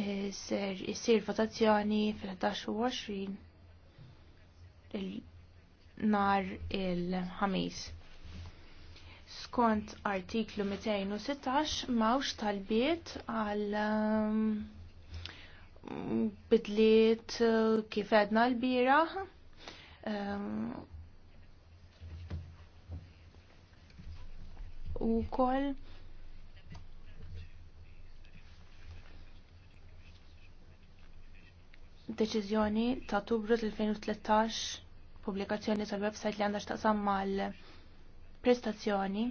Eh, ser jisir votazzjoni fil-11 u 20 nar il-ħamis. Skont artiklu 216 mawx talbiet għal um, bidliet uh, kif l-bira um, u kol deċiżjoni ta' Tubru tal-2013 pubblikazzjoni tal-website li għandha x'taqsam mal-prestazzjoni